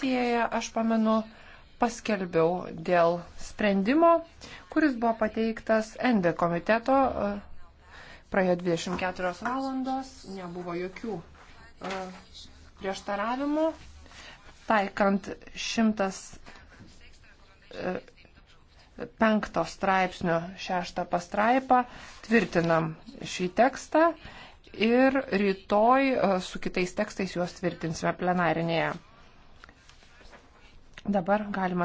sesijoje aš pamenu paskelbiau dėl sprendimo, kuris buvo pateiktas ND komiteto. E, praėjo 24 valandos, nebuvo jokių e, prieštaravimų. Taikant 105 e, straipsnio 6 pastraipą tvirtinam šį tekstą ir rytoj su kitais tekstais juos tvirtinsime plenarinėje Dabar galima